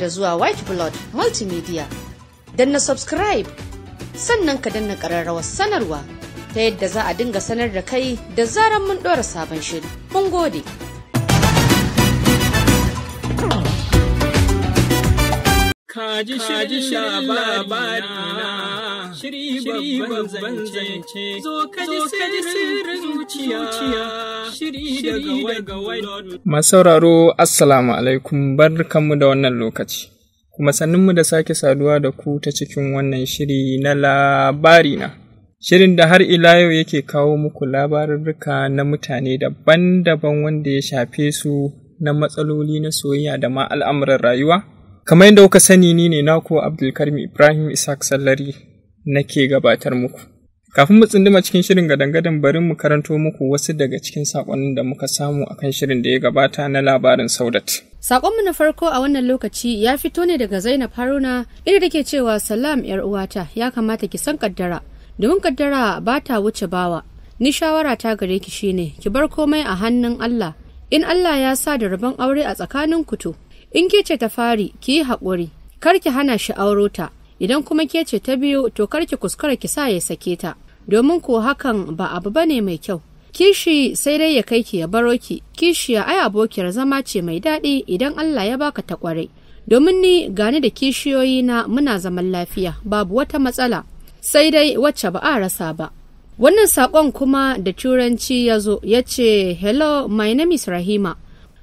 da zuwa white blood multimedia danna subscribe sannan ka danna ƙararrawar sanarwa ta yadda za a dinga sanar da kai da zaran mun ɗora sabon shiri mun gode kaji shiri shiri babban zance zo kaji sirrin zuciya Masauraro, Assalamu alaikum, barkanmu da wannan lokaci, kuma sanninmu da sake saduwa da ku ta cikin wannan shiri na labari na. Shirin da har ila yau yake kawo muku labarurruka na mutane daban-daban wanda ya shafe su na matsaloli na soyayya da ma al'amuran rayuwa. Kamar yadda kuka sani ni ne naku Abdulkarim Ibrahim Isaac Sallari nake gabatar muku. Kafin mu tsinduma cikin shirin gadan-gadan bari mu karanto muku wasu daga cikin saƙonnin da muka samu a kan shirin da ya gabata na labarin Saudat. Sakonmu na farko a wannan lokaci ya fito ne daga Zainab Haruna inda take cewa salam yar uwata ya kamata ki san kaddara domin kaddara ba ta wuce bawa. Ni shawara ta gare ki shine ki bar komai a hannun Allah. In Allah ya sa da rabon aure a tsakanin ku to in ke ce ta fari ki yi haƙuri kar ki hana shi aurota idan kuma ke ce ta biyu to kar ki kuskura ki sa ya sake ta domin ko hakan ba abu bane mai kyau kishi sai dai ya kai ki ya baro ki kishiya ai abokiyar zama ce mai daɗi idan Allah ya baka ta kwarai domin ni gani da kishiyoyi na muna zaman lafiya babu wata matsala sai dai wacce ba a rasa ba wannan sakon kuma da turanci ya zo ya ce hello my name is rahima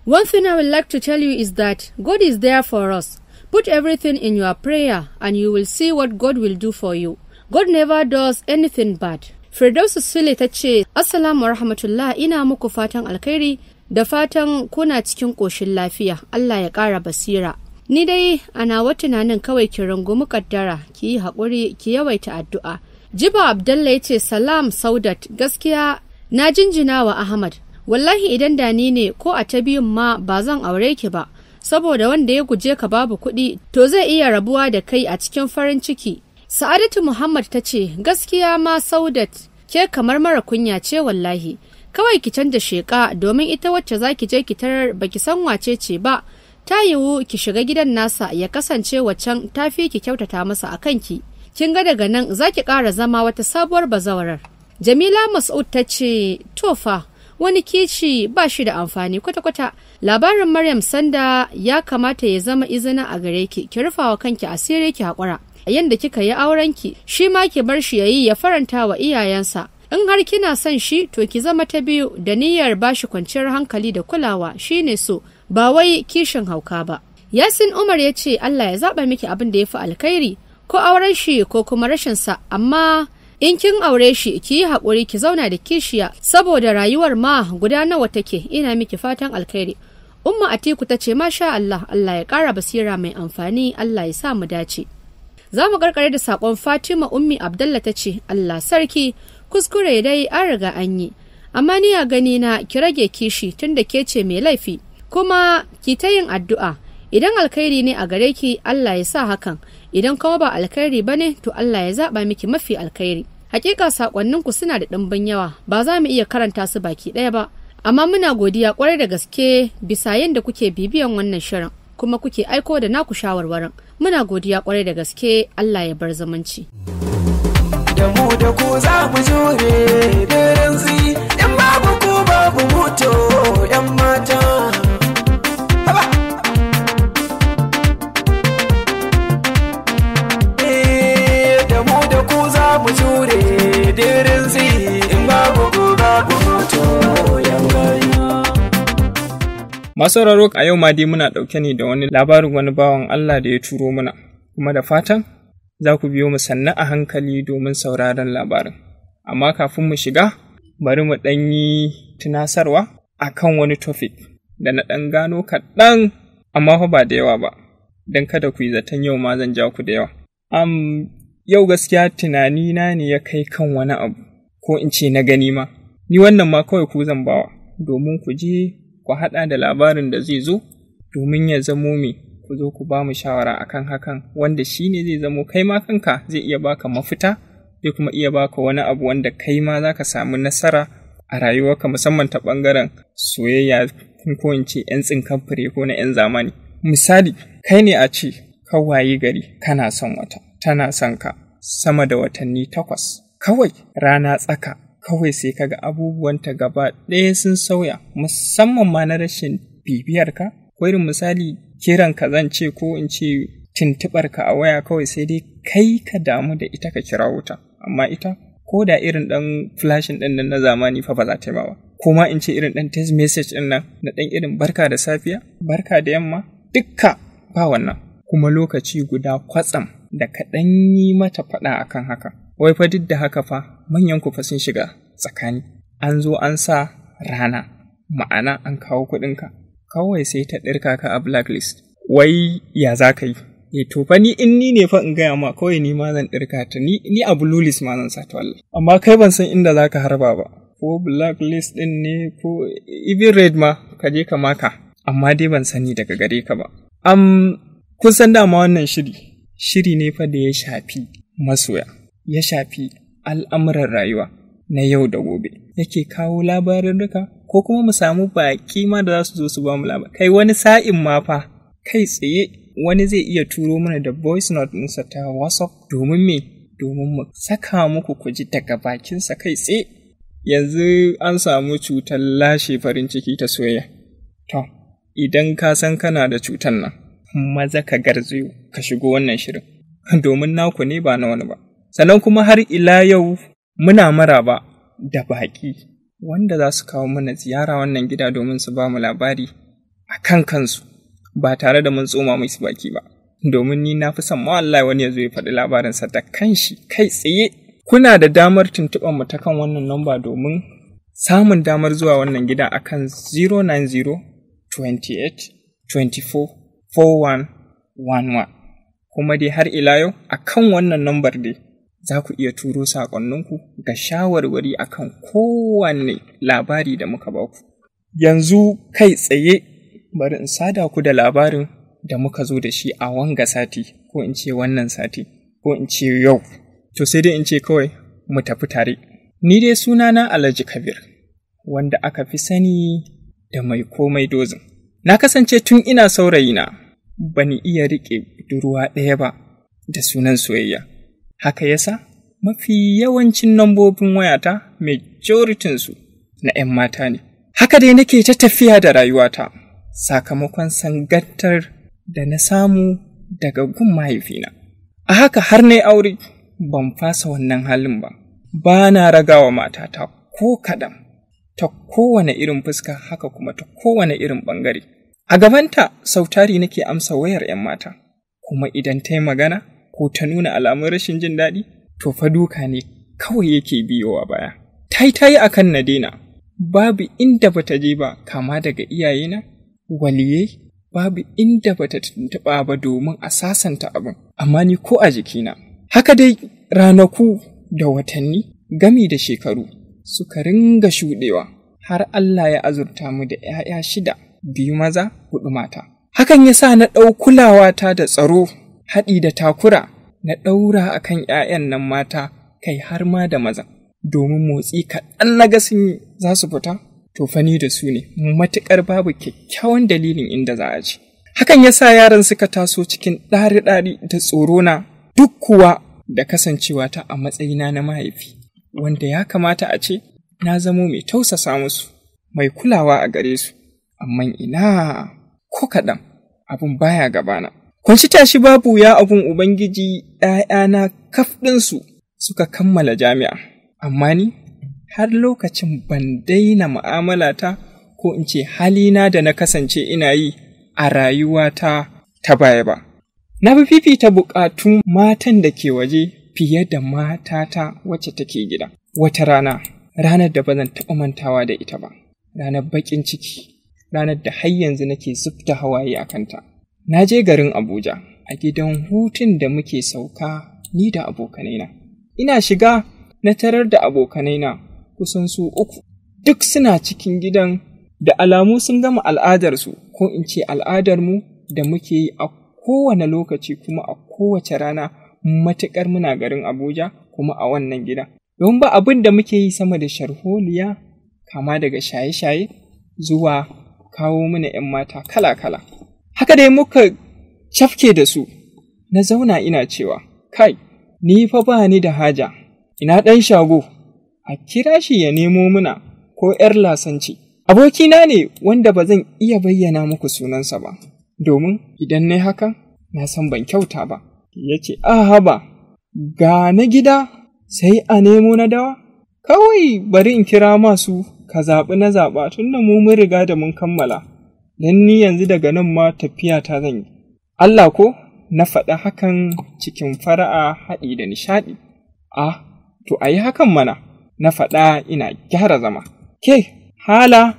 one thing i would like to tell you is that god is there for us Put everything in your prayer and you will see what God will do for you. God never does anything bad. Firdausu Sule ta ce, Assalamu rahmatullah ina muku fatan alkhairi da fatan kuna cikin ƙoshin lafiya, Allah ya ƙara basira. Ni dai ana wa tunanin kawai ki rungumi kaddara, ki yi haƙuri, ki yawaita addu'a. Jiba Abdallah ya ce, Salam Saudat, gaskiya na jinjina wa Ahmad. Wallahi idan da ni ne ko a ta biyun ma ba zan aure ki ba, saboda wanda ya guje ka babu kuɗi to zai iya rabuwa da kai a cikin farin ciki sa'adatu muhammad ta ce gaskiya ma saudat ke kamar mara kunya ce wallahi kawai ki canza sheƙa domin ita wacce za ki je ki tarar ba ki san wace ce ba ta yiwu ki shiga gidan nasa ya kasance waccan ta fi ki kyautata masa a kanki kin ga daga nan za ki ƙara zama wata sabuwar bazawarar jamila mas'ud ta ce tofa wani kici ba shi da amfani kwata-kwata labarin maryam sanda ya kamata ya zama izina a gare ki ki wa kanki asiri ki haƙura yadda kika yi auren ki shi ma ki bar shi yayi ya faranta wa iyayensa in har kina son shi to ki zama ta biyu da niyyar bashi kwanciyar hankali da kulawa shine so ba wai kishin hauka ba yasin umar ya ce allah ya zaɓa miki abin da ya fi alkhairi ko auren shi ko kuma rashin sa amma in kin aure shi ki yi haƙuri ki zauna da kishiya saboda rayuwar ma guda nawa take ina miki fatan alkhairi Umma Atiku ta ce masha Allah Allah ya kara basira mai amfani Allah ya sa mu dace. Za mu karkare da saƙon Fatima Ummi Abdallah ta ce Allah sarki kuskure ya dai an riga an yi. Amma ni a gani na ki rage kishi tunda ke ce mai laifi kuma ki ta yin addu'a idan alkhairi ne a gare ki Allah ya sa hakan idan kuma ba alkhairi ba ne to Allah ya zaɓa miki mafi alkhairi. Hakika saƙonninku suna da ɗimbin yawa ba za mu iya karanta su baki ɗaya ba. amma muna godiya kwarai da gaske bisa yadda kuke bibiyan wannan shirin kuma kuke aiko da naku shawarwarin muna godiya kwarai da gaske Allah ya bar zamanci da mu da ku za mu jure da in babu ku babu mutu Masu sauraro a yau ma dai muna ɗauke ne da wani labarin wani bawan Allah da ya turo mana. kuma da fatan za ku biyo mu sannu a hankali domin sauraron labarin. Amma kafin mu shiga, bari mu ɗan yi tunasarwa a kan wani topic da na ɗan gano kaɗan amma fa ba da yawa ba, don kada ku yi zaton yau ma zan ja ku da yawa. Am yau gaskiya tunanina ne ya kai kan wani abu, ko in ce na gani ma, ni wannan ma kawai ku zan bawa, domin ku je ku haɗa da labarin da zai zo domin ya zamo mai ku zo ku ba mu shawara akan hakan wanda shi ne zai zamo kai ma kanka zai iya baka mafita zai kuma iya baka wani abu wanda kai ma za ka samu nasara a rayuwarka musamman ta ɓangaren soyayya ko in ce 'yan tsinkan fure ko na 'yan zamani misali kai ne a ce ka gari kana son wata tana son ka sama da watanni takwas kawai rana tsaka kawai sai ka kaga abubuwanta gaba ɗaya sun sauya musamman ma na rashin bibiyarka ko irin misali kiran ka zan ce ko in ce tuntuɓarka a waya kawai sai dai kai ka damu da ita ka kira wuta amma ita ko da irin ɗan flashin ɗin na zamani fa ba za ta yi ba ko ma in ce irin ɗan text message ɗin nan na ɗan irin barka da safiya barka da yamma dukka ba wannan kuma lokaci guda kwatsam da ka ɗan yi mata faɗa akan haka wai fa duk da haka fa manyan ku fa sun shiga tsakani an zo an sa rana ma'ana an kawo kuɗinka kawai sai ta ɗirka ka a blacklist wai ya za ka yi e to fa ni in ni ne fa in gaya ma kawai ni ma zan ɗirka ta ni ni a blue list ma zan sa ta wallahi amma kai ban san inda za ka harba ba ko blacklist ɗin ne ko even red ma ka je ka maka amma dai ban sani daga gare ka ba am kun san dama wannan shiri shiri ne fa da ya shafi masoya ya shafi al'amuran rayuwa na yau da gobe yake kawo labarin duka ko kuma mu samu baƙi ma da za su zo su ba mu labar kai wani sa'in ma fa kai tsaye wani zai iya turo mana da voice note nusa ta whatsapp domin me domin mu saka muku ku ji daga bakinsa kai tsaye yanzu an samu cutar lashe farin ciki ta soya to idan ka san kana da cutar nan maza ka garzayo ka shigo wannan shirin domin naku ne ba na wani ba sannan kuma har ila yau muna maraba da baƙi wanda za su kawo mana ziyara wannan gida domin su ba mu labari a kan kansu ba tare da mun tsoma mai su baki ba domin ni na fi son ma'allai wani ya zo ya faɗi labarinsa da kanshi kai tsaye kuna da damar tuntuɓar mu ta kan wannan namba domin samun damar zuwa wannan gida akan 090 28 24 41 kuma dai har ila yau a kan wannan nambar dai za ku iya turo saƙonninku ga shawarwari akan kowanne labari da muka ba ku. Yanzu kai tsaye bari in sada ku da labarin da muka zo da shi a wanga sati ko in ce wannan sati ko in ce yau. To sai dai in ce kawai mu tafi tare. Ni dai sunana Alhaji Kabir wanda aka fi sani da mai komai dozin. Na kasance tun ina saurayina ban iya riƙe budurwa ɗaya ba da sunan soyayya. Haka yasa mafi yawancin nambobin wayata su na ‘yan mata ne. Haka dai nake ta tafiya da rayuwata sakamakon sangantar da na samu daga gun mahaifina. A haka har na aure ban fasa wannan halin ba, ba na ragawa matata ko kaɗan, ta kowane irin fuska haka kuma ta kowane irin ɓangare. A gabanta sautari nake amsa wayar ‘yan mata, kuma idan ta yi magana, ko ta nuna alamun rashin jin daɗi to fa duka ne kawai yake biyowa baya tai tai akan na daina babu inda bata je ba kama daga iyayena waliyai babu inda bata tuntuɓa ba domin a sasanta abin amma ni ko a jikina haka dai ranaku da watanni gami da shekaru suka ringa shuɗewa har Allah ya azurta mu da ‘ya'ya shida biyu maza hudu mata hakan ya sa na ɗau kulawata da tsaro haɗi da takura na ɗaura a kan ‘ya'yan nan mata kai har ma da maza, domin motsi kaɗan na ga sun za su fita, to fani da su ne matuƙar babu kyakkyawan dalilin inda za a ci. Hakan ya sa yaran suka taso cikin ɗari-ɗari da tsoro na duk kuwa da kasancewa ta a matsayina na mahaifi, wanda ya kamata a ce na zamo mai tausasa musu, mai kulawa a gare su, amma ina ko kaɗan abin baya gabana. Kwanci tashi babu ya abun Ubangiji ‘ya'yana kaf ɗinsu suka kammala jami'a, amma ni har lokacin ban daina ma'amalata ko in ce halina da na kasance ina yi a rayuwata ta baya ba. Na fi fifita buƙatun matan da ke waje fiye da matata wacce take gida. Wata rana, ranar da ba zan taɓa mantawa da ita ba, ranar baƙin ciki, ranar da har yanzu nake zubta hawaye a kanta. Na je garin Abuja a gidan hutun da muke sauka ni da abokanaina. Ina shiga na tarar da abokanaina kusan su uku, duk suna cikin gidan da alamu sun gama al'adarsu ko in ce al'adarmu da muke yi a kowane lokaci kuma a kowace rana matuƙar muna garin Abuja kuma a wannan gida. Don ba abin da muke yi sama da sharholiya kama daga shaye-shaye zuwa kawo mana ‘yan mata kala-kala. Haka dai muka cafke da su, na zauna ina cewa, kai, ni fa ba ni da haja, ina ɗan shago, a kira shi ya nemo muna ko ‘yar lasanci. Abokina ne wanda ba zan iya bayyana muku sunansa ba, domin idan na haka na san ban kyauta ba. Ya ce, aha ba, ga na gida sai a nemo na dawa? Kawai bari in kira masu ka zaɓi na zaɓa tun da mu mun riga da mun kammala. don ni yanzu daga nan ma tafiya ta zan yi. Allah ko na faɗa hakan cikin fara'a haɗi da nishaɗi. Ah, to a yi hakan mana, na faɗa ina gyara zama. Ke, hala,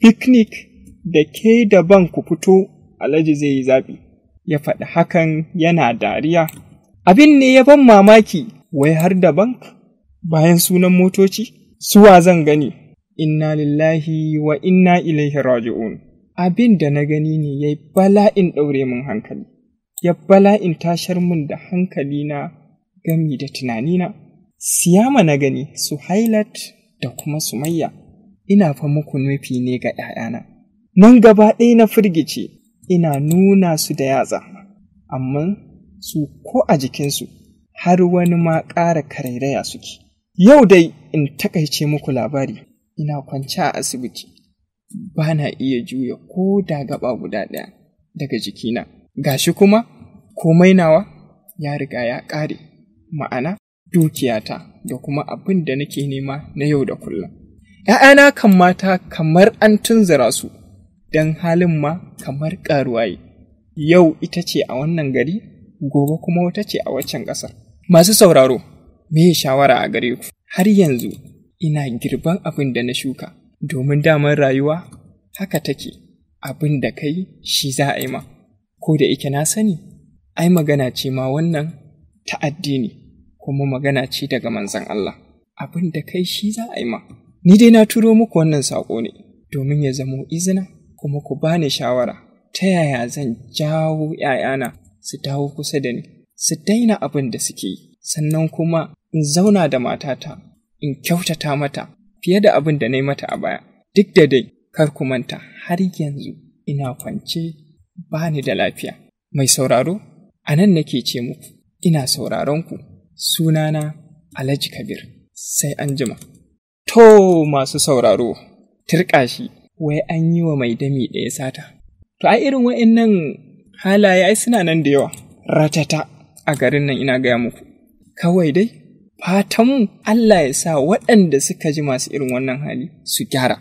picnic da ke daban ku fito, Alhaji zai yi zaɓi. Ya faɗi hakan yana dariya. Abin ne ya ban mamaki, wai har da bank? Bayan sunan motoci, suwa zan gani. Inna lillahi wa inna ilaihi raji'un. abin da na gani ne ya bala'in ɗaure min hankali, ya bala'in tashar min da hankali na gami da tunanina. Siyama na gani su hailat da kuma su sumayya, ina fa muku nufi ne ga ‘ya'yana. Nan gaba ɗaya na firgice, ina nuna su da yatsa, amma su ko a jikinsu har wani ma ƙara karairaya suke. Yau dai in takaice muku labari, ina kwance a asibiti. ba na iya juya ko da gaba guda ɗaya daga jikina. Ga shi kuma, komai nawa ya riga ya ƙare, ma'ana dukiyata da kuma abin da nake nema na yau da kullum. ‘Ya'yana kan mata kamar an tunzura su, don halin ma kamar ƙaruwaye. Yau ita ce a wannan gari, gobe kuma wata ce a waccan ƙasar. Masu sauraro, me shawara a gare ku? Har yanzu ina girban abin da na shuka. domin damar rayuwa haka take abin da kai shi za a yi ma ko da ike na sani ai magana ce ma wannan ta addini kuma magana ce daga manzan Allah abin da kai shi za a yi ma ni dai na turo muku wannan saƙo ne domin ya zamo izina kuma ku bani shawara ta yaya zan jawo ‘ya'yana su dawo kusa da ni su daina abin da suke yi sannan kuma in zauna da matata in kyautata mata fiye da abin da na yi mata a baya. Duk da dai, kar ku manta har yanzu ina kwance ba ni da lafiya. Mai sauraro, a nan nake ce muku, ina sauraron ku, sunana Alhaji Kabir, sai an jima. To masu sauraro, turƙa shi, wai an yi wa mai dami ɗaya sata. To a irin wa'innan halaye suna nan da yawa, ratata a garin nan ina gaya muku. Kawai dai, fatanmu Allah ya sa waɗanda suka ji masu irin wannan hali su gyara.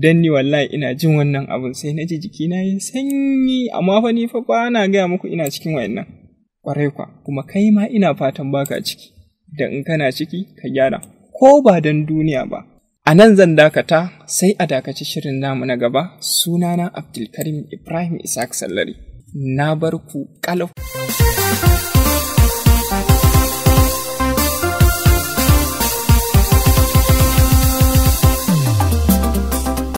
Dan ni wallahi ina jin wannan abin sai na ji jikina ya sanyi amma fa ni fa na gaya muku ina cikin wayannan. Kwarai kwa kuma kai ma ina fatan baka ciki. Da in kana ciki ka gyara ko ba don duniya ba. A nan zan dakata sai a dakaci shirin namu na gaba sunana Abdulkarim Ibrahim Isaac Sallari. Na bar ku kalau.